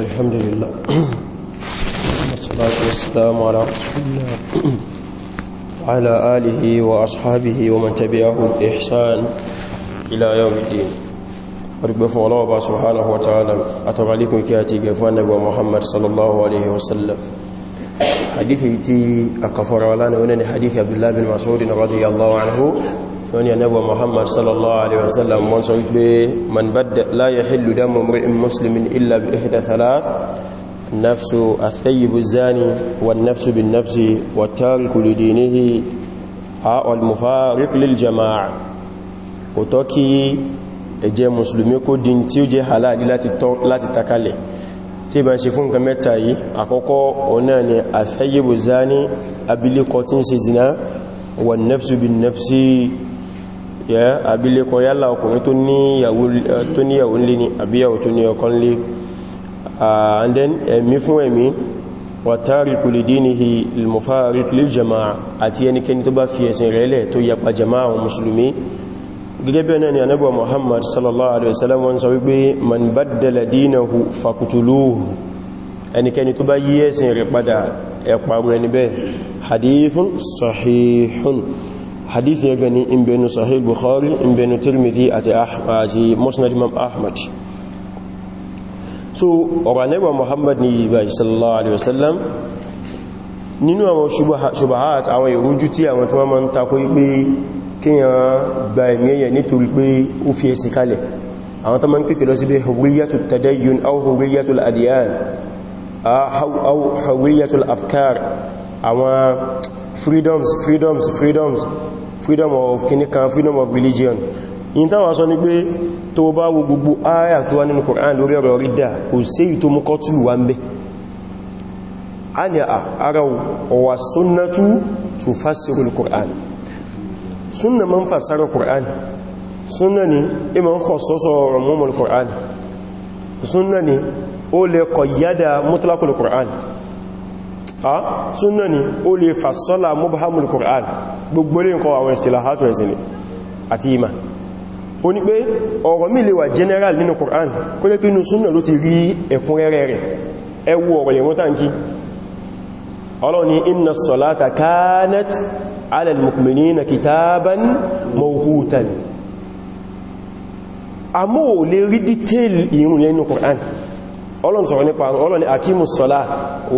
الحمد لله والصلاة والسلام على رسول الله وعلى آله وأصحابه ومن تبعه بإحسان إلى يوم الدين وربفو الله سبحانه وتعالى أتبع لكم كياتي قفوان نبو محمد صلى الله عليه وسلم حديثي تي أقفر ولانا ونني حديث عبد الله بن مسعود رضي الله عنه wọ́n ni anábọ̀ muhammad sallallahu alaihi wasallam wọ́n sọ wípé man badda la yahillu damu mri'in muslimin illa bi ihda thalath nafsu athayyib zani wa nafsu bin nafsi wa tariku li dinihi a wal mufariq lil jama'a kò tọ́ kí ẹ̀jẹ̀ musulmi kó dín tí ó jẹ́ halali láti takalẹ̀ tí bá ṣe fún nǹkan mẹ́ta yìí àkọ́kọ́ ọ̀nà ni athayyib zani abilékọ tí ń ṣe zina wa nafsu bin nafsi yẹ́ abilékọ yálà ọkùnrin tó níyàwó ńlé ni àbíyàwó tó ní ọkọ ńlé and then ẹ̀mí fún ẹ̀mí wàtàríkù lè dínihì ilmọ̀fàríkù lè jama'a àti ẹnikẹni tó bá fi ẹ̀sìn rẹ̀lẹ̀ tó yapa jama'a àwọn musulmi gẹ́gẹ́ bẹ́ẹ̀ náà Muhammad sallallahu alaihi wasallam wọ́n sọ wípé man baddala dínahu fakutuluhu ẹnikẹni tó bá yí ẹ̀sìn rẹ̀ padà ẹ pa ẹni hadith ya gani in benu sahih bukhari in benu tirmidhi àti àti musnad imam ahmad so ọ̀rọ̀ anẹ́bà muhammad ní ibà sallallahu alaihi wasallam nínú àwọn ṣubahat àwọn ìrújú tí àwọn tí wọ́n ma ń takó pé kíyàn gba ìmẹ́yẹ nítorí pé ó fi ẹ̀sì kalẹ̀ àwọn tó ma ń pèpè lọ sí pé hurriyatul tadayyun ah, freedom of kinikan freedom of religion in táwọn sọ ní pé tó bá wo gbogbo ayà tó wá nínú Qur'an lórí ọ̀rọ̀ rídà kò sí èyí tó mú kọtùlù wá ń bẹ́ a ní ah, ara ọwà sunnatu tufassirul Qur'an sunna ma ń fassara Qur'an sunna ni ima e ń kọ sọ́sọ ọ̀rọ̀ mọ́mọ̀lù sunna ni ó lè kọ̀yádà mutlaqul a súnnà ni ó lè fàṣọ́lá mubhamul Qur'an gbogbo lè ń kọ àwọn istilahatu ẹ̀sìn ni àti ìmà ó ní pé ọ̀rọ̀ mi lè wà general nínú Qur'an kó lé pínú súnnà ló ti rí ẹ̀kúnrẹ́rẹ́ rẹ̀ ẹwú ọ̀rọ̀ lè mọ́ta ń kí Ọlọ́run ní inna salata kanat 'ala al kitaban mawqutan àmọ́ ò lè detail ìrùn yẹn Qur'an ọlọ́n sọ̀rọ̀ nípa ọlọ́ni akímù sọ́lá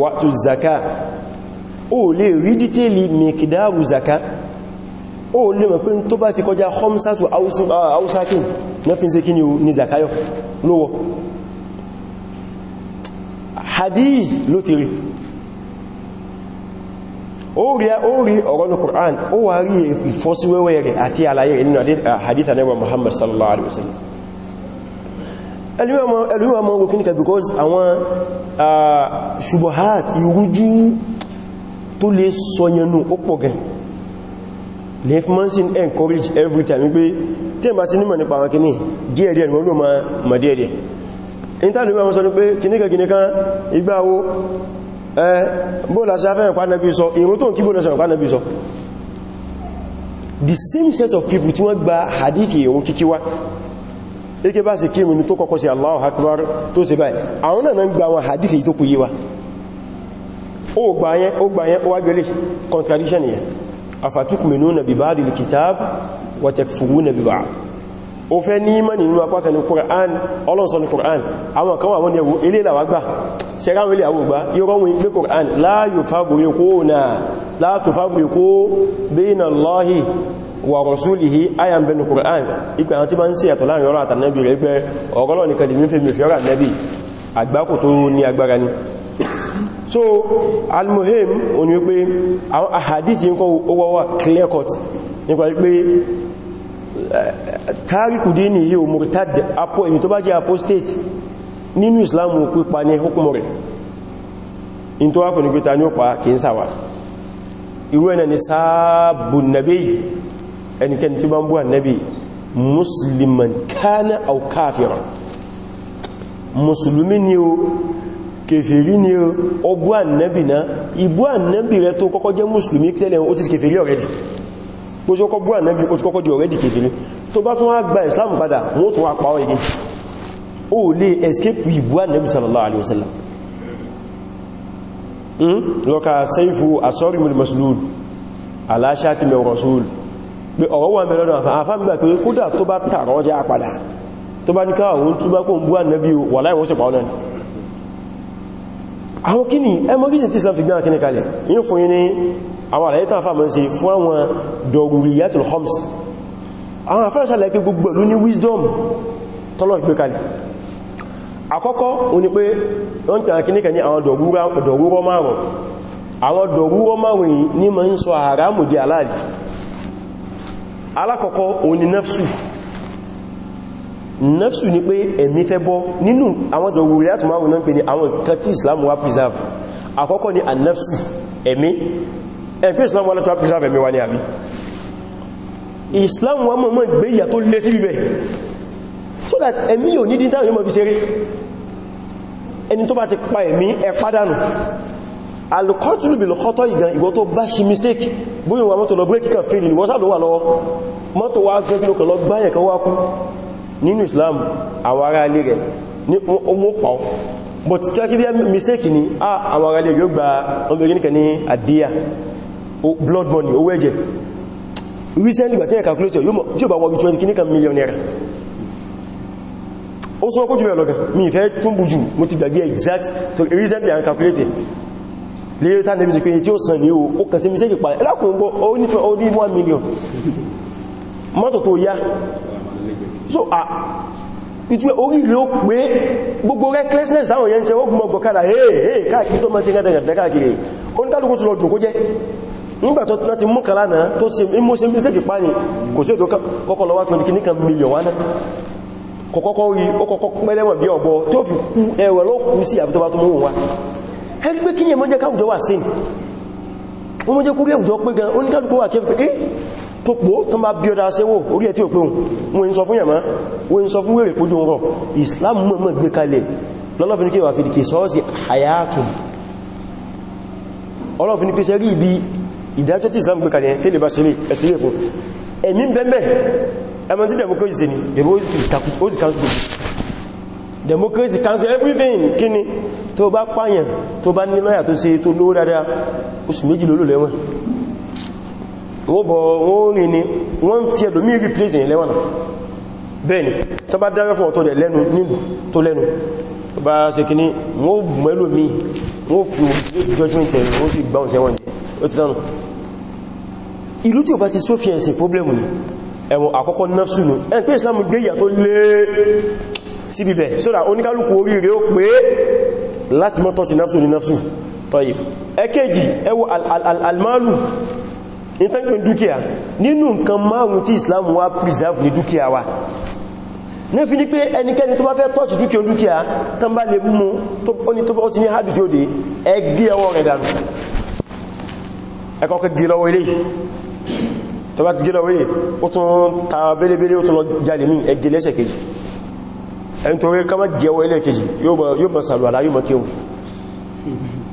wàtù zaka o lè rí dítẹ́lì mẹ́kìdáàrù zaka o lè mọ̀ pé tó bá ti kọjá homsatu ausakin ah, na fi ń ṣe kí ni zakayọ lówọ́ hadith ló ti rí ó rí ọ̀rọ̀ ní Qur'an ó wà rí ìfọ́síwẹ́wẹ́ rẹ̀ àti àlàyé rẹ̀ hadith anẹ́wà ah, Muhammad sallallahu alaihi wasallam ẹlúwẹ́ ọmọ ogun kíníkà because àwọn ṣubuhat ìrújú tó lè sọyẹnù ó pọ̀ gẹn leif manson encourage every time wípé tí ẹ bá ti nímọ̀ nípa àwọn kíní díẹ̀díẹ̀ ni wọ́n ló ma díẹ̀díẹ̀ ìntàlùmí àwọn sọ ní pé kíníkà kíníkà ìgbàwo bóòlà sí afẹ́ ìpá nẹ́bí sọ ìrún tó ń kí bóòlà sí ìpá nẹ́bí the same set of people tí wọ́n gba hadithi ìrún kíkíwá ike bá sì kírun ní tó kọ́kọ́ sí Allahu Akbar tó sì báyìí àwọn náà gba àwọn hadith èyí tó kú yíwa ó gbà yẹn ó gbà yẹn ó wá gbélé contradiction yẹn afatukminuna bi ba'dil kitab wa takfuruna bi ba'd ó fẹ́ ní ìmọ̀ nínú apáka ní Qur'an ọlọ́sọ ní Qur'an àwọn kan wà wọ́n ni ilé ìlàwà gbà ṣẹ́ráwọ̀ ilé àwọ̀gbà yọ́rọ̀wọ̀ ìgbé Qur'an la yufabriquna la tufabriqu bayna Allahi wa rasulihi aya ń bẹnu Qur'an ipe àwọn tí bá ń ṣe yàtọ̀ láàrin ọ̀rọ̀ àtànẹ́bì rẹ̀ pé ni lọ nìkan lèmi fèmì òfin ọ̀rọ̀ àtànẹ́bì àgbákò tó ní agbára ni so almuhim o ni wípé àwọn ahadith yínkọ́ owó wà clear cut nípa wípé eh, tariku dini yíò murtad apo èyí tó bá jẹ́ apostate nínú islam pípa ní hukumu rẹ̀ in tó wá pẹ̀lú pé ta ní ó pa kìí sàwà irú ẹ̀nà ni sáàbùn nàbí ẹnikẹni tí bá ń bú annabi musliman kana au kafira musulumi ni o kèfèrí ni o ó bú annabi na ibú annabi rẹ tó kọ́kọ́ jẹ́ musulumi tẹ́lẹ̀ ó ti kèfèrí already bó ṣe kọ́ bú annabi ó ti kọ́kọ́ di already kèfèrí tó bá tún wá gba islam padà wọ́n tún wá pàwọ́ ìdí ó lè escape ibú annabi sallallahu alaihi wasallam hmm? lọ́ka saifu asọ́rìmul rasul pé ọ̀rọ̀ wà mẹ́rin lọ́dọ̀ àfá gbà pé kódà tó bá tààrọ ọjà padà tó bá ní káà òun túbá kó ń bú ànábí wà láìwọ́n sí pàwọn náà àwọn Islam fi gbá kíní kalẹ̀ yíò fún yí ní àwọn àlàyé tàà fàmọ́ sí homs àwọn àfáà sàlẹ̀ pé gbogbo ìlú wisdom tọ́lọ̀ gbé kalẹ̀ àkọ́kọ́ o ní pé wọ́n tàà kíní kan ní àwọn dọ̀rúrọ márùn-ún àwọn dọ̀rúrọ márùn-ún ní ma ń sọ àrámù di aláàdì alákọ̀ọ́kọ́ òní nafsu nafsu ni pé ẹ̀mí fẹ́ bọ́ nínú àwọn dọ̀wùrí àtùmáwò náà pè ní àwọn nǹkan tí islam wá preserve àkọ́kọ́ ni annafsu ẹ̀mí ẹ̀pẹ́ islam wá látíwá preserve ẹ̀mí wá ní àbí islam wá mọ̀mọ̀ gbé ìyà tó lé sí bíbẹ̀ so that ẹ̀mí ò ní dídáwọn yóò mọ̀ fi ṣeré ẹni tó bá ti pa ẹ̀mí ẹ̀ pádánù alkọ́tùlù bí lọ́kọ́tọ́ ìgbà ìwọ tó bá ṣe mistake bóyí wa mọ́tò lọ bírẹ́kì kan fèèrè ìwọ sáà ló wà lọ́wọ́ mọ́tò wá gẹ́gẹ́ kan lọ gbáyẹ̀ kan wá kú nínú Islam àwọn ará ilé rẹ̀ ní ọmọ pàó but kẹ́kí bí mistake ni àwọn ará ilé yóò gba obìnrin kan ní àdíyà blood money owó ẹ̀jẹ̀ recently gbà tẹ́yẹ̀ calculator yóò bá wọ́ bí 20 kìníkan million naira ó sọ́kójú rẹ̀ lọ́gán mi ìfẹ́ túnbù jù mo ti gbàgbé exact recently i'm calculating lérí tán níbi pé tí ó sàn ní o ó kàn sí mi sékì pàdé ẹlákùnrin bọ́ ó ní 1 million mọ́tò tó yá so a ìtúwẹ́ orí ló pé gbogbo recklessness táwọn yẹn ṣe wọ́gbùn ọgbọ̀kádà hey káàkiri tó máa ṣe rẹ̀dẹ̀rẹ̀dẹ̀ káàkiri ó ní kálùkù tó lọ jù kó jẹ́ nígbà tó láti mú kàlá náà tó ṣe mú ṣe mẹ́sẹ̀kì páni kò sí ètò kọ́kọ́ lọ wá 20 kìníkan mílíọ̀n wá náà kọ̀kọ́kọ́ rí ẹni pé kí ní ẹmọ́jẹ́ káwùjọ wà sí wọ́n mọ́jẹ́ kúrò ẹ̀wùjọ pé gan oníkàlùkù wà kẹfẹ́ pé eh, tó pò tó bá bí ọdá sẹ́wọ́ orí ẹ̀ tí ò pé wọn ń sọ fún yàmá wọn ń sọ fún wèrè kójú rọ Islam mọ́mọ́ gbé kalẹ̀ lọ́lọ́fin kí wà fi dìkì sọ́ọ́sì hayatun democracy cancel everything Kini, tó bá pààyàn tó bá ní lọ́yà to ṣe tó lówó dáadáa oṣù méjì lólò lẹ́wọ̀n wọ́n bọ̀ wọ́n rìn ní wọ́n ń fi ẹ̀dọ̀ mí replace èyàn lẹ́wọ̀n bẹ́ẹ̀ni tó bá dáwẹ́ fún ọ̀tọ́ rẹ̀ lẹ́nu nílù tó lẹ́nu tó bá ṣe kíní wọ́n mẹ́lò mí wọ́n fi replace judgment ẹ̀ wọ́n sì gbáhùn sẹ́wọ̀n jẹ́ ó ti dánù ìlú tí ò bá ti sófin ẹ̀sìn problem ni ẹ̀wọ̀n àkọ́kọ́ náà sùnú ẹ̀ pé Islam gbé ìyà tó lé sí bíbẹ̀ sódà oníkálùkù oríire ó pé láti mọ́ tọ́tí náfsù ní náfsù tọ́yì ẹkẹ́jì ẹwọ almalu ní tẹ́gbẹ̀ dúkìá nínú nǹkan márùn tí Islam wá preserve ní dúkìá wa ní fi ní pé ẹnikẹ́ni tó bá fẹ́ tọ́tí dúkìá dúkìá tán bá lè mú oní tó bá ti ní hajjú tí ó dé ẹgbẹ́ ọwọ́ rẹ̀ dànù ẹkọ́kẹ́ gẹ́ lọ́wọ́ ilé tó bá ti gẹ́ lọ́wọ́ ilé ó tún ta belebele ó tún lọ jalè ní ẹgbẹ́ lẹ́sẹ̀kejì ẹni tó rí kama gẹ̀wọ́ ilé kejì yóò mọ̀ sàlù àlá yóò mọ̀ kí o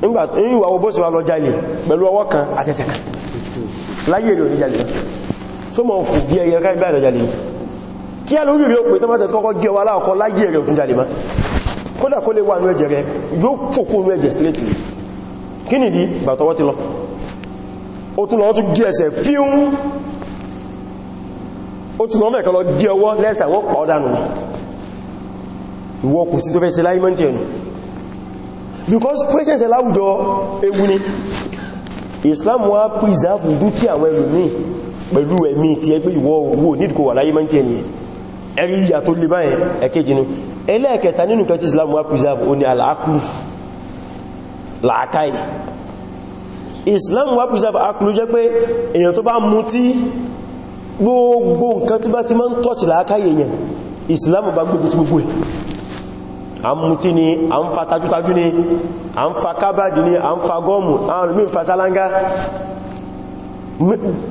nígbà ìwà owó bóṣe wa lọ jalè pẹ̀lú ọwọ́ kan àtẹsẹ̀ kan láyé rí oníjalè tó mọ̀ fò bí ẹyẹ ká ìbáyà lọ́jalè kí a di gbàtọwọ́ ti lọ ó tún lọ ó tún gé ẹsẹ̀ ọwọ́ lẹ́sẹ̀ wọ́n ìwọ kò sí tó fẹ́ ṣe láyé mọ́ntí ẹnu because presence láwùjọ ewu ni Islam wá preserve dúkìá àwọn ẹlòmíì pẹ̀lú ẹ̀mí ti ẹ pé ìwọ owó need kò wà láyé mọ́ntí ẹni ẹ̀rí ìyà tó lè báyẹn ẹ̀kẹ́jì ni ẹlẹ́ẹ̀kẹta nínú kẹtí Islam wá preserve ó ní aláàkùlù làákàyè Islam wá preserve akùlù jẹ́ pé èèyàn tó bá mutí gbogbo nǹkan tí bá ti máa ń tọ́ọ̀tì làákàyè Islam bá gbogbo tí a ń mutí ni a ń fa tajútajú ni a ń fa kábàdì ni a ń fa gọ́ọ̀mù àwọn olùmí ń fa sálángá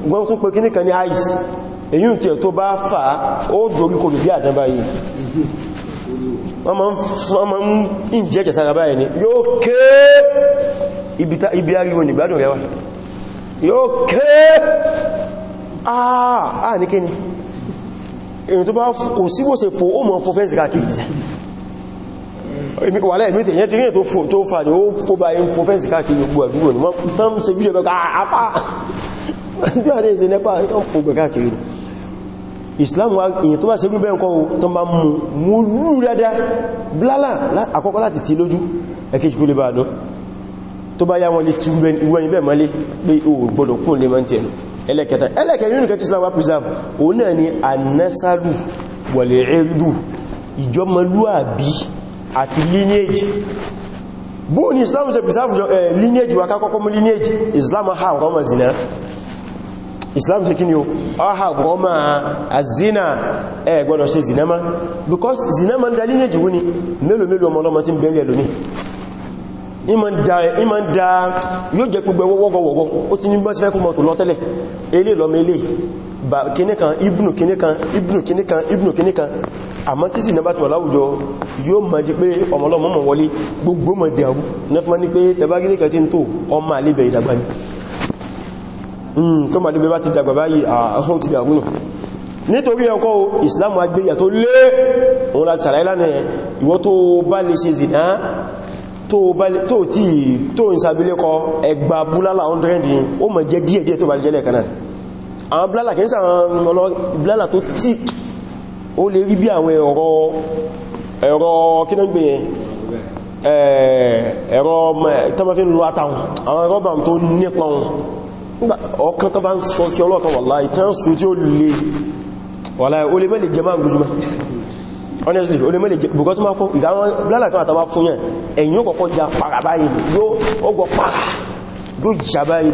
wọ́n tún pé kíníkan ní ice èyí tí ẹ̀ tó bá fà ó dorí kò lùbí àdánbá yìí wọ́n ma ń ìjẹ́jẹ̀ sára báyìí ni yóò kéé ibi ariwo nìgbádùn rẹwà yóò kéé àà ní ni, èyí tó bá kò síbòsè fò ó mọ̀ fò fẹ́ wà lẹ́ẹ̀mí tẹ̀yẹ́ ti ríyẹ̀ tó fà ní ó fó bá yí fó fẹ́sì káàkiri gbogbo àdúgbò ní wọ́n tán ṣe bí ẹgbẹ́ àpá ah, bí àdé ìṣẹ́ nẹ́pà ń fó gbẹ̀ káàkiri Islam wa èyí tó bá ṣe gbẹ́ nǹkan tó bá mú mú dada blala àkọ́kọ́ láti ti lójú ẹkẹ́jì kú lè bá lọ tó bá yá wọn lè ti wọ́n ibẹ̀ mọ́lé pé o gbọ́dọ̀ kún lè mọ́ntí ẹnu ẹlẹ́kẹta ẹlẹ́kẹta yìí nìkan tí Islam wa preserve òun náà ni annasalu wal irdu ìjọmọlúàbí àti lineage bó ní islam ṣe preserve eh, lineage wa kákọ́kọ́ mú lineage islam ha rọ́mà zina islam ṣe kí ni o ha rọ́mà azina ẹ gbọ́dọ̀ ṣe zinama because zinama ń da lineage wú ni mélòó mélòó ọmọ ọlọ́mọ tí ń bẹ̀rẹ̀ ìmọ̀ ń da yóò jẹ́ gbogbo ẹwọ́ wọ́gọ́wọ́gọ́ ó ti ní bọ́ ti fẹ́ kó mọ̀ tó elé lọ́mọ elé ibnu àmọ́ tí sì nábàtí wà láwùjọ yóò mọ̀ di pé ọmọlọ́mọ́ wọlé gbogbo mọ̀ dẹ̀rú nẹ́fún ní pé tẹbágílé kẹtí ń hmm, tó ọmọ àlébẹ̀ ìdàgbà ní tó mà lébẹ̀ bá ti dàgbà báyìí àwọn ti dàgbà náà nítorí ẹ̀kọ́ Islam agbéyà tó lé òun láti sàlàyé lánàá ìwọ tó bá lè ṣe zìnà tó tí tó ń sàbílẹ́kọ ẹgbà búlálà 100 ni ó lè rí bí àwọn ẹ̀rọ ẹ̀rọ kínúgbé ẹ̀rọ tọ́mọ́fín lọ àtàwọn àwọn ẹ̀rọ bàm tó nípa wọn ọkàn tó bá ń sọ sí ọlọ́ọ̀kan wà láì tán sùn tí ó lè wà láì ó lè mẹ́lẹ̀ jẹ máa lójúmọ́ honestly ó lè mẹ́lẹ̀ jẹ bùkọ́ tí máa kọ́ ìdáwọn blálàkan àtàwà fún yẹn ẹ̀yìn ó kọ̀kọ́ ja para báyìí yóò ọgbọ̀ para yóò jà báyìí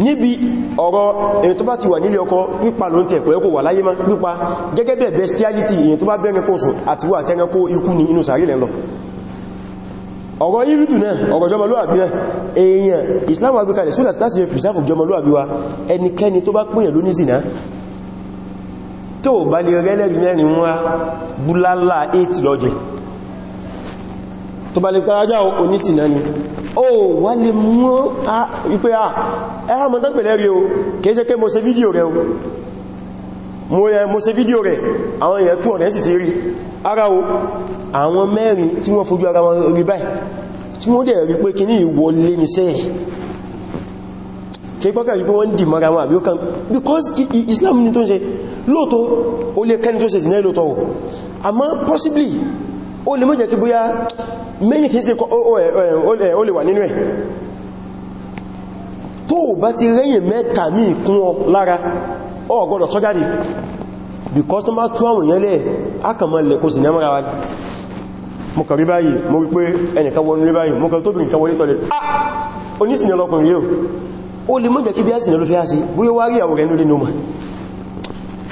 níbi ọ̀rọ̀ èyàn tó bá ti wà nílé ọkọ pípa ló ń tẹ̀ pẹ̀lú kò wà láyé má pípa gẹ́gẹ́ bẹ̀ bestiality èyàn tó bá bẹ́rẹ̀kó sùn àti wà tẹ́rẹ̀kó ikú ní inú sàárì lẹ́lọ ọ̀rọ̀ ìrìdù náà ọ̀rọ̀ jọmọlúwàbí náà èèyàn Islam wà gbé kalẹ̀ sódà láti fi pìsáfù jọmọlúwàbí wa ẹnikẹ́ni tó bá pèèyàn ló ní zìnà tó bá lè rẹ́lẹ̀rì mẹ́rin wọ́n búlálà 8 lọ́jẹ̀ tó bá lè pàrájá onísìnà ni ó wà lè mú wípé à ẹ̀rọ mọ́ tán pẹ̀lẹ́ rí o kìí ṣe pé mo ṣe fídíò rẹ̀ o mo ṣe fídíò rẹ̀ àwọn èèyàn tún ọ̀nà sì ti rí ara o àwọn mẹ́rin tí wọ́n fojú ara wọn rí báyìí tí wọ́n dẹ̀ rí pé kí ní ìwọlé ní sẹ́ẹ̀ kìí pọ́kà rí pé wọ́n dì mara wọn àbí ó kàn because Islam ní tó ń ṣe lóòtọ́ ó lè kẹ́ni tó ṣe jìnà lóòtọ́ àmọ́ possibly ó lè mọ́ jẹ́ kí many things oh, oh, eh, eh, oh, eh, ó lè wà nínú ẹ̀ tó bá ti rẹ́yìn mẹ́ta ní ìkún ọ lára ọ gbọ́dọ̀ sọ́jáde because tó má tú àwọn èèyàn lẹ́ akàmọ́lẹ̀ kò sì ní ẹmọ́ra wa mo kàrí báyìí mo wí pé ẹnìkan wọnú lé báyìí mo kàrí tóbìnrin kan wọlé tọ́lẹ̀ ah onísìnà lọkùnrin yóò ó lè mọ́jẹ̀ kí bí ásìnà ló fẹ́ á sí bóyá wá rí àwọn rẹ̀ nílé noma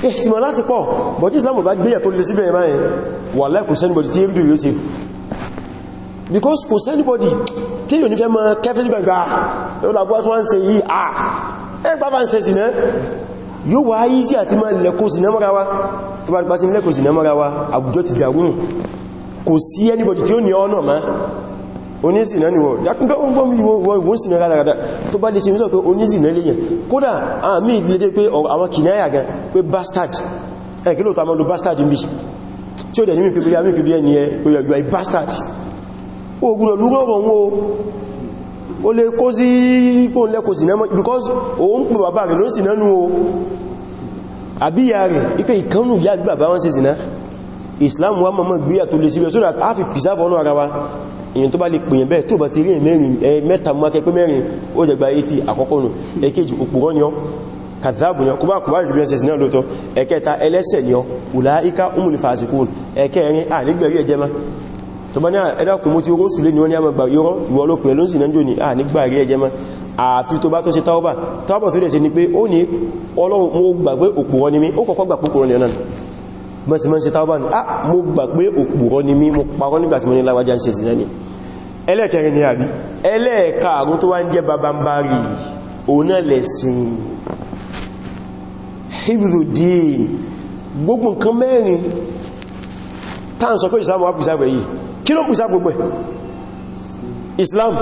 ìtìmọ̀ láti pọ̀ bọ̀tí Islam bá gbéyà tó lè síbẹ̀ báyìí wà láìkù sẹ́nìbọ̀dì tí ébìdì yóò because kò sẹ́nibọ́dì tí yóò nífẹ́ mọ́ kẹfẹ́ sí gbàgbà olàgbà tó wọ́n se yìí à ẹgbà bá ń se sí náà yóò wá yí sí àti máa lẹ́kọ́ sí náà mọ́ra wa tó bá gbá tí lẹ́kọ́ sí náà mọ́ra wa àwùjọ ti dàrún kò sí ẹnibọ́dì tí ó ní ọ́nà má onísìnà ni wọ́n dákúnkẹ́ wọ́n gbọ́n wọ́n ìwọ́n sínà rádaràdá tó bá lè ṣe mítọ̀ pé onísìnà a bastard ń bí tí ó dẹ̀ ní mi pípé ya mi pípé ẹni ẹ pé you are a bastard ògùnà lúrọ̀rọ̀ wọn o lè kó sí pò lẹ́kọ̀ọ́ sí because òun pè bàbá rẹ̀ ló sì nánú o àbíyà rẹ̀ ipé ìkánù yà bí bàbá wọn sí sí Islam wa mọ́mọ́ gbíyà tó lè síbẹ̀ so that a fi preserve ọ̀nà ara wa èyàn tó bá lè pèyàn bẹ́ẹ̀ tó bá ti rí mẹ́ta mú akẹ́kẹ́ mẹ́rin ó jẹgbà 80 àkọ́kọ́ nù èkejì òpòrọ́ ni ọ́ kàtàbù ní ọkùnbà kùnbà ìrìnlẹ́sẹ̀sì náà lóòtọ́ ẹ̀kẹta ẹlẹ́sẹ̀ ni ọ ùláíká umùlìfàásìkún ẹ̀kẹrin àrígbẹ̀rí ẹjẹ́má tó bá ní ah, ẹ̀dàkùn mú ti oró sùlé ni wọ́n ní a mọ̀gbà yọ́rọ̀ ìwọ̀ olópin ló ń sì náà jò ní à ah, nígbà rí ẹjẹ́ mọ́ àfi tó bá tó ṣe taoba taoba tó dẹ̀ sí ni pé ó ní ọlọ́run mo gbà pé òpùrọ́ ni mí ó kọ́kọ́ gbà púpùrọ́ ah mo gbà pé òpùrọ́ ni mí mo parọ́ nígbà tí mo ní láwájá ń ṣe babambari òun náà lẹ̀sìn hivudin gbogbo nǹkan mẹ́rin táà ń sọ pé ìsìlámù wà pìsàgbẹ̀ yìí kí ló pùsá gbogbo ẹ̀ Islam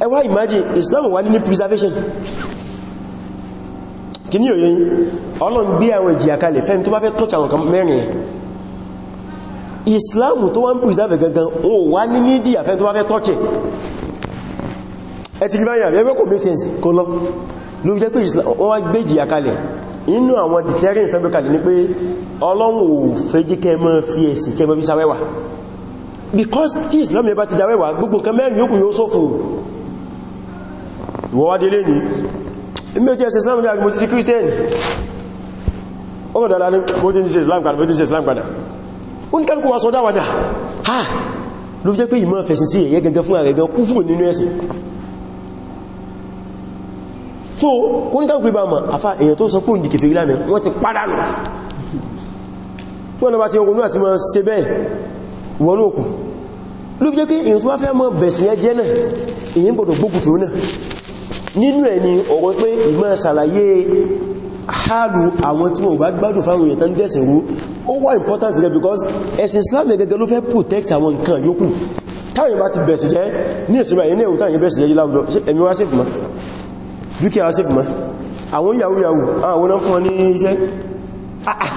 ẹ wá imagine Islam wà ní preservation kí ní òye Ọlọ́run gbé àwọn ìjìyà kalẹ̀ fẹ́m tó bá fẹ́ tọ́ta àwọn kan mẹ́rin Islam tó wá ń preserve gangan o wá ní ní ìdíyà fẹ́ tó bá fẹ́ tọ́kẹ̀ ẹ ti rí báyìí àbẹ́gbẹ́ kò make sense kò lọ ló jẹ́ pé wọ́n wá gbé ìjìyà kalẹ̀ inú àwọn deterrence tẹ́gbẹ́ kalẹ̀ ní pé Ọlọ́run ò fẹ́ jí kẹ́ mọ́ fi ẹ̀sìn kẹ́ mọ́ fi sáwẹ́wà because tí Islam yẹ bá ti dáwẹ́wà gbogbo nǹkan mẹ́rin yóò kù yóò sófò ìwọ́wádélé ní imé tí ẹsẹ̀ Islam ní agbègbè ti Christian ọkọ̀ dára ní bó ti ń ṣe Islam padà bó ti ń ṣe Islam padà ó ní kálùkù wa sọ dáwàdà ha ló jẹ́ pé ìmọ̀ fẹ̀sìn sí ẹ̀yẹ gẹ́gẹ́ fún àrẹ̀gẹ́ kú fún nínú ẹ̀sìn so kó ní kálùkù ibà mọ̀ àfá èyàn tó sọ pé òǹdì kèfèrí lánàá wọ́n ti padà lọ tí wọ́n lọ bá ti ń ronú àti mọ́ ṣe bẹ́ẹ̀ wọ́n lókùn ló jẹ́ pé èyàn tó wá fẹ́ mọ́ bẹ̀sìn ẹjẹ́ náà èyàn gbọ́dọ̀ gbókùtù náà nínú ẹ̀ ni ọ̀rọ̀ pé ìmọ̀ ṣàlàyé hálù àwọn tí wọ́n bá gbádùn fáwọn èyàn tán dẹ̀sìn rú ó wà important rẹ̀ because ẹ̀sìn Islam gẹ́gẹ́ ló fẹ́ protect àwọn nǹkan yókù táwọn bá ti bẹ̀sìn jẹ́ ní ìsinmi ẹ̀yìn ní ìwòtàn ìbẹ̀sìn jẹ́ láwùjọ ẹ̀mí wá sí fìmá dúkìá wá sí fìmá àwọn yahoo yahoo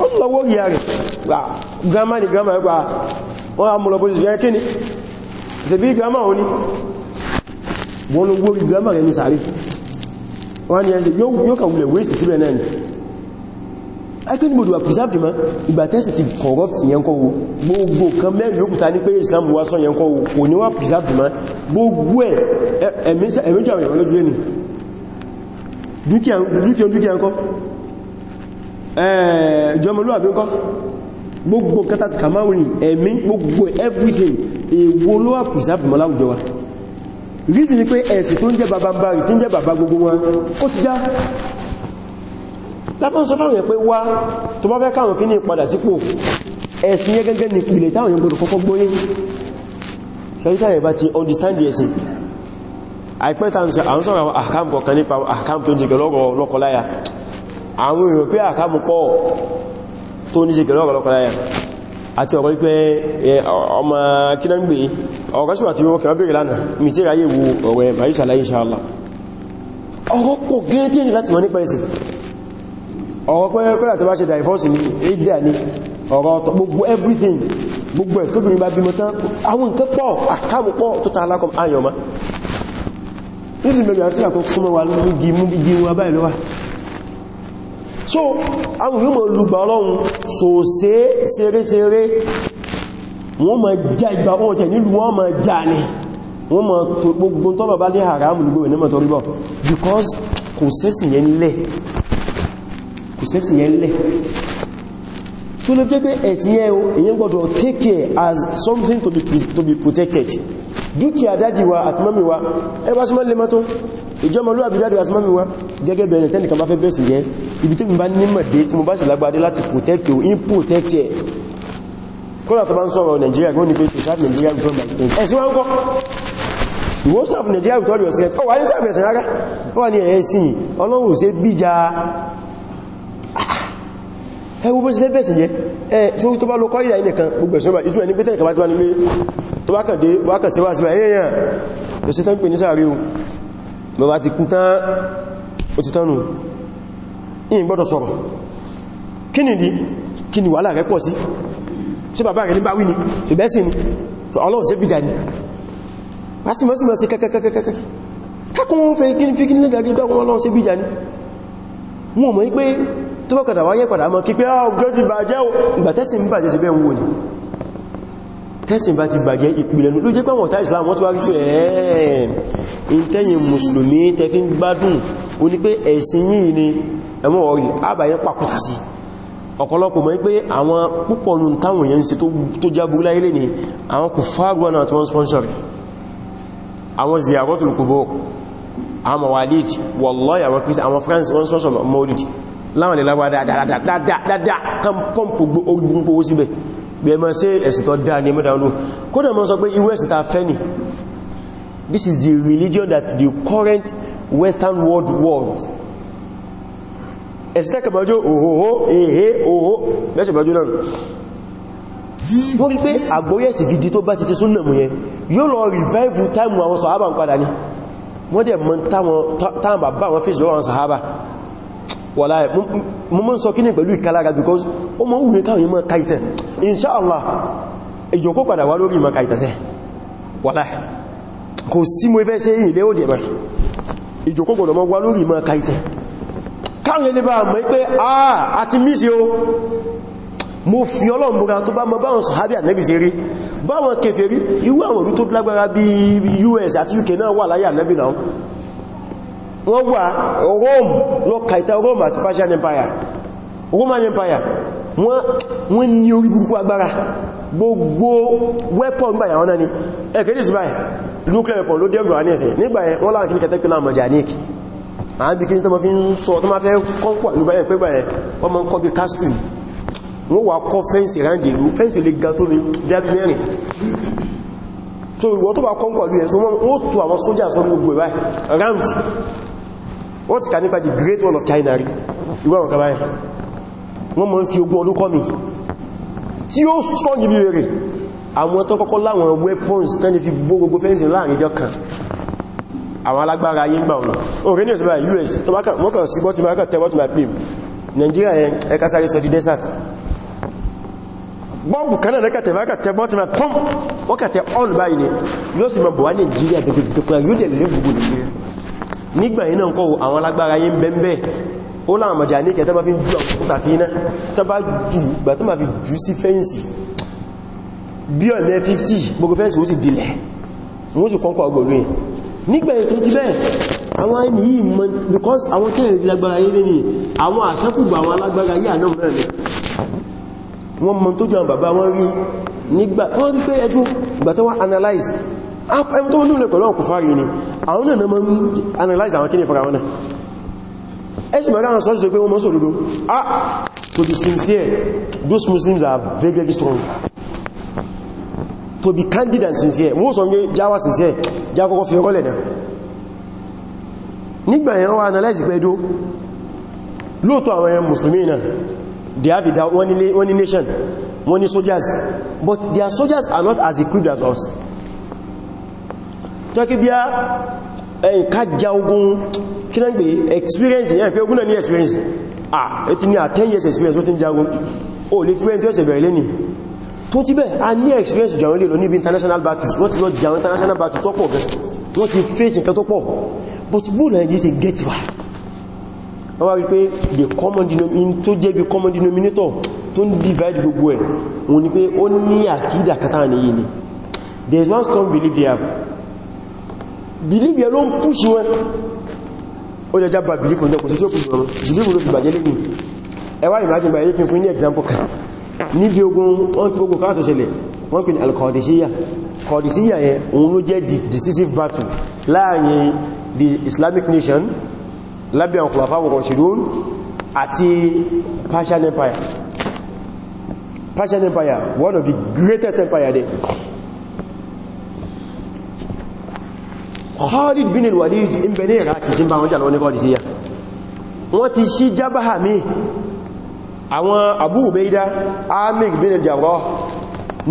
ó sì lọ́wọ́ rí ààrẹ gbà grandma ni grandma ẹgbà wọ́n a múlọ bóṣìṣẹ́ ẹkẹ́ ni ṣe bí grandma ó ní wọ́n ló wó ni ẹ̀ṣẹ́ yóò kà wulẹ̀ waste síbẹ̀ náà ni ẹkẹ́ nígbòdò wà preserved ma ìgbà tẹ́sì ti corrupt yẹn kọ́ wo gbogbo kan mẹ́rin ló kùta ní pé Islam wá sọ yẹn kọ́ wo kò ní wá preserved ma gbogbo ẹ̀ ẹ̀mẹ́jọ àwọn ìwọ̀n lójú ẹni dúkìá dúkìá ń kọ́ Eh, jọmọlúwàbí ńkọ́ gbogbo kátà ti kàmáwì ní ẹ̀mí gbogbo everything èwo ló wà preserve mọ́ láwùjọ wa rízi ni pé ẹ̀sìn tó ń jẹ́ bàbá bàrí tí ń jẹ́ bàbá gbogbo wọn ó ti já lápọ́n sọ fáwọn yẹn wá tó bá fẹ́ káwọn kí ní padà sípò ẹ̀sìn yẹn gẹ́gẹ́ ní ìpìlẹ̀ táwọn yẹn understand ẹ̀sìn àìpẹ́ta àwọn sọ̀rọ̀ àwọn àkàm kọ̀ọ̀kan nípa àkàm tó jẹ́ lọ́kọláya àwọn èèyàn pé àkámùkọ́ tó ní ṣe kẹ̀lọ́ ọ̀pọ̀lọpọ̀láyà àti ọ̀pọ̀ wípé ọmọ kínáǹgbé ọ̀kọ́ṣùwà tí wọ́n kẹ̀wọ́ bèèrè lánàá mi tí ráyè wo ọ̀rẹ́ marisha láyé ṣáàlá ọ̀rọ̀ pọ̀ gẹ́ẹ̀dẹ́ ní láti mọ̀ nípa ẹ̀sìn everything gbogbo ẹ̀ tóbìnrin bá bímọ tán àwọn nǹkan pọ̀ àkámùpọ̀ tó ta alákọ̀ọ́ ayọ̀má nísìnyí mẹ́rin àti àtọ́ súnmọ́ wa ní gí mú bí gí wọn abáyìlọ́wà so àwọn yóò mọ̀ so ọlọ́run sòsé serésere wọ́n mọ̀ já ìgbà ọ̀tẹ̀ nílùú wọ́n mọ̀ já ní wọ́n mọ̀ gbogbo tọ́lọ̀ bá lé haram lùgbò rẹ̀ nímọ̀ torí bọ̀ because kò sẹ́sìn yẹn lẹ̀ kò sẹ́sìn yẹn lẹ̀ so ló jẹ́ pé ẹ̀sìn yẹn o èyàn take care as something to be, to be protected dúkìá dájíwa àti mọ́míwa ẹwà súnmọ́ lè mọ́tún ìjọmọlúwàbí jáde àti mọ́mí wọn gẹ́gẹ́ bẹ̀rẹ̀ tẹ́nìkan bá fẹ́ bẹ̀ẹ̀sì jẹ́ ibi tí mo bá nímọ̀ dé tí mo bá sì lágbàdé láti protect you in protect ẹ̀ kọ́lá tó bá ń sọ̀rọ̀ Nigeria gọ́n ni pé to serve Nigeria with all my strength ẹ̀sí wọ́n kọ́ ìwọ́n serve Nigeria with all your strength ọwà ní sáàbẹ̀ ẹ̀sìn rárá ó wà ní ẹ̀ẹ́sìn ọlọ́run ṣe bíjà ẹwọ́ bó sì fẹ́ bẹ̀ẹ̀sì jẹ́ ẹ̀ tí ó tó bá lọ kọ́ ìdá ilẹ̀ kan gbogbo ẹ̀sìn ọba bọ́ bá ti kú tán ó ti tánu ìyìn gbọ́dọ̀ sọ̀rọ̀ kí ni di kí ni wàhálà rẹ̀ pọ̀ sí tí bàbá rẹ̀ ní bá wí ni tí bẹ́ sí ni tí ọlọ́run sí bìdà ni a sì mọ́sí mọ́sí kẹ́kẹ́kẹ́kẹ́kẹ́ takun wọn fẹ́ kí ní dàgbẹ́gbẹ́ ọlọ́run sí bìdà ni tẹ́sìn bá ti bàjẹ́ ìpìlẹ̀nù ló jẹ́ pé àwọn ọ̀tá Islam wọ́n tó wá rí pé ẹ̀ẹ́n ìtẹ́yìn mùsùlùmí tẹ́fí ń gbádùn o ní pé ẹ̀sìn yìí ni ẹmọ́ ọ̀rí àbàyẹ́ pàkútà sí ọ̀pọ̀lọpọ̀ mọ̀ pé àwọn púpọ̀ nù táwọn èèyàn ṣe tó jábú láyé ní àwọn kò fáàgbọ́n náà tí wọ́n sponsor àwọn ziyarotul kubo àwọn mawalid wallahi àwọn christian àwọn france wọ́n sponsor mawalid láwọn lè lágbà dáadáa kan pọ́mpù gbogbo síbẹ̀ gbẹ̀mọ̀ sí ẹ̀sìn tó dáa ní mẹ́ta olú kódà mọ́ sọ pé iwẹ́ ẹ̀sìn ta fẹ́ ni this is the religion that the current western world world ẹ̀sìn tẹ́kẹ̀bọ̀jọ́ òhòhò èhè òhò mẹ́sẹ̀bọ̀jọ́ náà wọ́n rí pé àgbóyẹ̀sì gidi tó bá ti ti súnnà mú yẹn yóò lọ revive time àwọn sàhábà ń padà ní wọ́n dẹ̀ mọ́ táwọn bàbá wọn fèsì lọ́wọ́ àwọn sàhábà wàláhì mo mọ́ sọ kíní pẹ̀lú ìkálára because ó mọ́ wùmí káwọn yíma kaitẹ̀ inṣáàlá ìjọkó padà wá lórí ìmọ̀ kaitẹ̀ sẹ́ wàláhì kò sí mo fẹ́ sẹ́ ilé ó dẹ̀mọ̀ ìjọkó gbọ́dọ̀ mọ́ wá lórí ìmọ̀ kaitẹ̀ káwọn ilé bá mọ́ pé àà àti mísí o mo fi ọlọ́mbùra tó bá mọ báwọn sàhábí ànẹ́bì ṣe rí báwọn kèfèrí irú àwọn òrú tó lágbára bí US àti UK náà wà láyé ànẹ́bì náà wọ́n wà Rome lọ kàìtà Rome àti Persian Empire Roman Empire wọ́n ní orí burúkú agbára gbogbo weapon gbà yàwọn náà ni ẹ̀kẹ́dì sí báyìí nuclear weapon ló dẹ́gbà ní ẹ̀sẹ̀ nígbà yẹn wọ́n láàrín kìrìkẹ́ tẹ́kìlá mọ̀jáníkì àwọn bikini tó ma fi ń sọ tó ma fẹ́ kọ́nkọ́ àlúgbà yẹn pẹ́gbà yẹn wọ́n ma kọ́ bí casting wọ́n wà kọ́ fẹ́ǹsì ráńdì ìlú fẹ́ǹsì lè ga tó ní dábí so ìwọ́n tó bá kọ́nkọ́ àlú yẹn so wọ́n tó àwọn sójà sọ gbogbo ẹ̀ wọ́n ti kà nípa the great wall of China rí ìwọ̀n ọ̀kà báyìí wọ́n mọ́ ń fi ogun ọdún kọ́ mi tí ó strong ibi rẹ̀ àwọn tó kọ́kọ́ láwọn weapons tán ní fi gbogbo fẹ́ǹsì láàrin ìjọ kan àwọn alágbára ayé ń gbà ọ̀nà orí ní òṣèlú US tó bá kàn mọ́kàn sí bọ́tí máa kàn tẹ́ bọ́tí máa pè Nigeria yẹn ẹka sáré sọ di desert bọ́ọ̀bù kan náà kàtẹ̀ máa kàtẹ̀ bọ́ọ̀tí máa pọ́m wọ́n kàtẹ̀ all báyìí ni yóò sì nígbà iná ń kọ́ àwọn alágbára yí ń bẹ́m̀bẹ́ ó láwọn mọ̀já ní kẹta ma fi jù àwọn òkúta fi iná tó bá jù gbà tó ma fi jù sí fẹ́ǹsì bí ọ̀lẹ́ 50 gbogbo fẹ́ǹsì ó sì dilẹ̀ wọ́n sì kọ́kọ́ ọgbọ̀lú nígbà because àwọn kẹrẹ̀ lágbára yìí ní àwọn àṣẹ́kùgbà àwọn alágbára yìí àná mẹ́rin wọ́n mọ̀ tó jọ àwọn bàbá wọn rí nígbà analyze ẹni tó wọ́n nílẹ̀ pẹ̀lú ọkùnfà rí àwọn náà na mọ́ analyze àwọn kíni fọ́ra wọn náà ẹ̀sì mọ̀ láwọn sọ́jú pé wọ́n mọ́ sòdodo ah to be sincere those Muslims are very very strong to be candid and sincere wọ́n sọ ní jáwà sincere já kọ́kọ́ fi rọ́lẹ̀ náà nígbà yẹn wọ́n analyze pé dó lóòtọ́ àwọn ẹ̀yẹn Mùsùlùmí náà they have it wọ́n ní nation wọ́n ní soldiers but their soldiers are not as equipped as us tó kí bí a ẹ̀yìn ká já ogun kí náà gbé experience yẹn pé ogun náà ní experience ah etí ní a 10 years experience ó ti ń já ogun o lè fúrẹ́ tí ó ṣẹ̀bẹ̀rẹ̀ lẹ́ni tó ti bẹ́ a ní experience jàwọn lè lọ níbi international battles wọ́n ti lọ jàwọn international battles tó pọ̀ bẹ́ẹ̀ face nǹkan tó but bóò náà yìí ṣe get wá wọ́n wá the common denominator tó divide gbogbo ẹ̀ wọ́n ní pé ó ní àkídà kátà nìyí ni there is one strong belief they have believe yẹ ló ń púṣù wọn ó jẹ́ jábà believe ní ọkùnrin tí ó púṣù wọn believe ló fi bàjẹ́ lẹ́gbìn ẹwà imagine bàyẹ́ kí n fún ní example kan níbi ogun wọ́n tí gbogbo káàtò ṣẹlẹ̀ wọ́n pè ní al-Qadisiyya Qadisiyya yẹn òun ló jẹ́ decisive battle láàrin the Islamic nation lábẹ́ àwọn khulafa ar-rashidun àti Persian Empire Persian Empire one of the greatest empire there Khalid bin al-Walid in bẹ ní iraki jí bá wọn jà lọ ní kọ́lì sí ya wọ́n ti ṣí jábáhà mi àwọn Abu Ubaida Amir bin al-Jarrah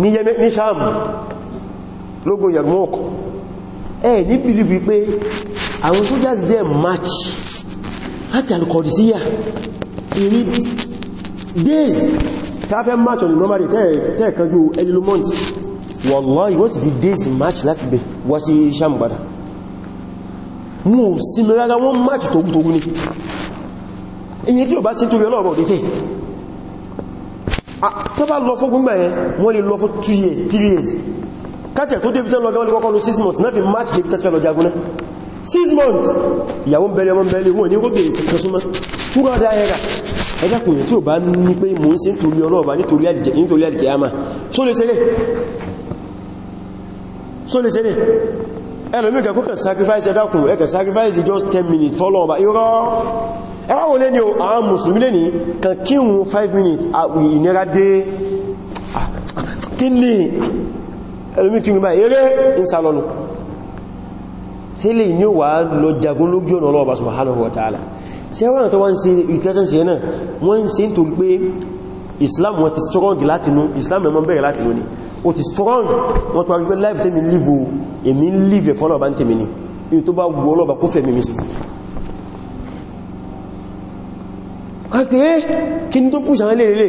ní Sham lógún Yarmouk ẹ ní bìlìfì pé àwọn soldiers dẹ̀ march láti alùkọ̀dì sí yà ìrí days tafẹ́ march on the tẹ́ẹ̀kanjú ẹlìlú month wallahi wọ́n sì days march láti bẹ̀ wá sí wọn ò sí mi rárá wọ́n máàtì tógútógún ní èyí tí ò bá sí torí ọlọ́rọ̀ òdí sí ah, tó bá lọ fún gbogbo ẹ̀yẹn wọ́n lè lọ fún 2 years 3 years káàtẹ̀ tó débi tán lọ gẹ́wọ́n kọ́kọ́ lọ 6 months náà fi máàtì débi tán lọ jagun náà 6 months ìyàwó bẹ̀rẹ̀ ọmọ bẹ̀rẹ̀ wọ́n ní gbogbo ètò súnmọ́ túnrọ̀ dá ẹ̀rà ẹgbẹ́kùnrin tí ò bá ní pé mò ń sí nítorí ọlọ́ọ̀bá nítorí àdìkẹ́ àmà só lè ṣeré ẹlòmí kẹ́kọ́ kẹ́ sacrifice ẹ̀dàkùn ẹ̀kẹ́ sacrifice just 10 minutes fọ́lọ̀ ọba irọ́ ẹwà wọ́n lé ní o àwọn mùsùlùmí ah, lè ní kan kíhun 5 minutes ìnira dé kí ní ẹlòmí kí ní bá eré ìsàlọ́nù tí lè ní wà lọ jagun lójú ọ̀nà ọlọ́ọ̀bá subhanahu wa ta'ala ṣe wọ́n tó wọ́n Islam wọ́n ti strong Islam ẹ̀mọ́ bẹ̀rẹ̀ látinú ó ti strong wọ́n tó wá gbé life tẹ́mi live o èmi live ẹ̀fọ́n náà bá ń tẹ́mi ní in tó bá gbọ́ ọlọ́ba kó fẹ́ mímí sí pé eh, kí ní tó pùsà rẹ̀ lèrè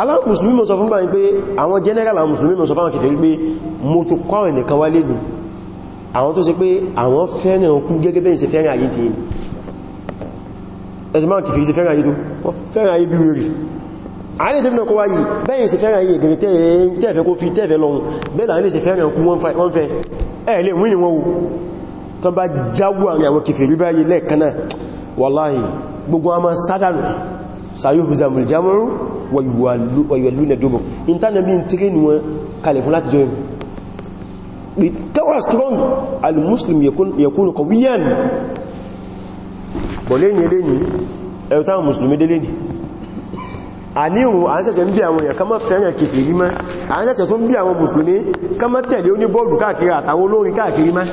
aláwọn musulmi mọ̀ sọ fún báyìí pé àwọn general àwọn musulmi mọ̀ sọ fáwọn kìfẹ́ pé mo tún kọ́ ẹ̀nìkan wá àárí ìdí náà kó wáyìí bẹ́yìn sí fẹ́ràn yìí gẹ̀rẹ̀ tẹ́ẹ̀fẹ́ kó fi tẹ́ẹ̀fẹ́ lọ́hun bẹ́ẹ̀lá ilé sí fẹ́ràn kú wọ́n fẹ́ ẹ̀ lè wí ni wọ́n wù tó bá jáwọ́ àrin àwọn kèfèrí báyìí lẹ́ẹ̀kanáà wàláhì gbogbo a máa sádàrù sayuhzamul wa strong al-muslim yakunu qawiyan bọ̀lẹ́ni ẹlẹ́ni ẹ̀rọ táwọn musulmi délẹ́ni àníwò à ń ṣẹ̀ṣẹ̀ ń bí àwọn èèyàn ká má fẹ́ràn kèfèrí mọ́ à tó ń bí àwọn mùsùlùmí ká má tẹ̀lé oníbọ́ọ̀lù káàkiri àtàwọn olórin káàkiri mọ́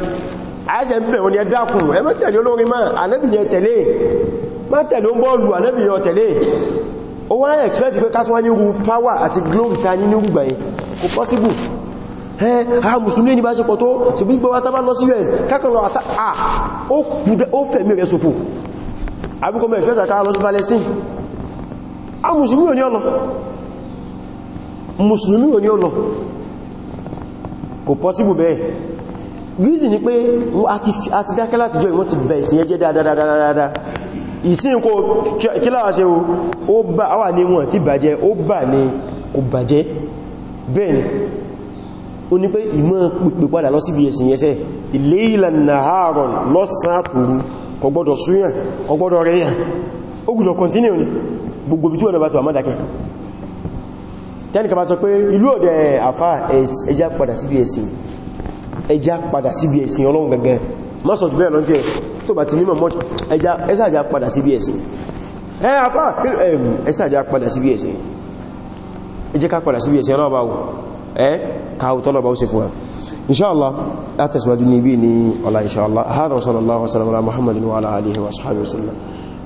àẹ́sẹ̀ ń bẹ̀rẹ̀ wọn ni ẹ dákùn ẹ má tẹ̀lé olórin mọ́ ànábìyàn tẹ̀lé tele tẹ̀lé bọ́ọ̀lù ànábìyàn tẹ̀lé ó wọ́n láyẹ̀ ta a ah, mùsùlùmí ò ní ọlọ mùsùlùmí ò ní ọlọ kò pọ́síbù bẹ́ẹ̀ gíìsì ni pé a ti dákẹ́ láti jọ ìwọ́n ti bẹ̀ ìsìn ẹjẹ́ dáadáa ìsìn kò kíláwà ṣe ó bá àwà ní wọn tí bàjẹ́ baje. bà ní ni ó ní pé ìmọ̀ pípẹ̀ padà lọ síbi ẹ̀sìn Ile ilan ìlànà àárọ̀ lọ́sàn-án kò gbọ́dọ̀ súyàn kò O rẹ̀yàn continue ni gbogbo bí tí wọ́n bá ti wà bá sọ pé ìlú ọ̀dẹ̀ àfá ẹjá padà sí bsc ẹjá padà sí bsc ọlọ́run gẹ́gẹ́ mọ́sọ̀ jù bẹ́ẹ̀ lọ́ntí ẹ̀ tó bá ti nímọ̀ mọ́ ẹsàjá padà sí bsc ẹ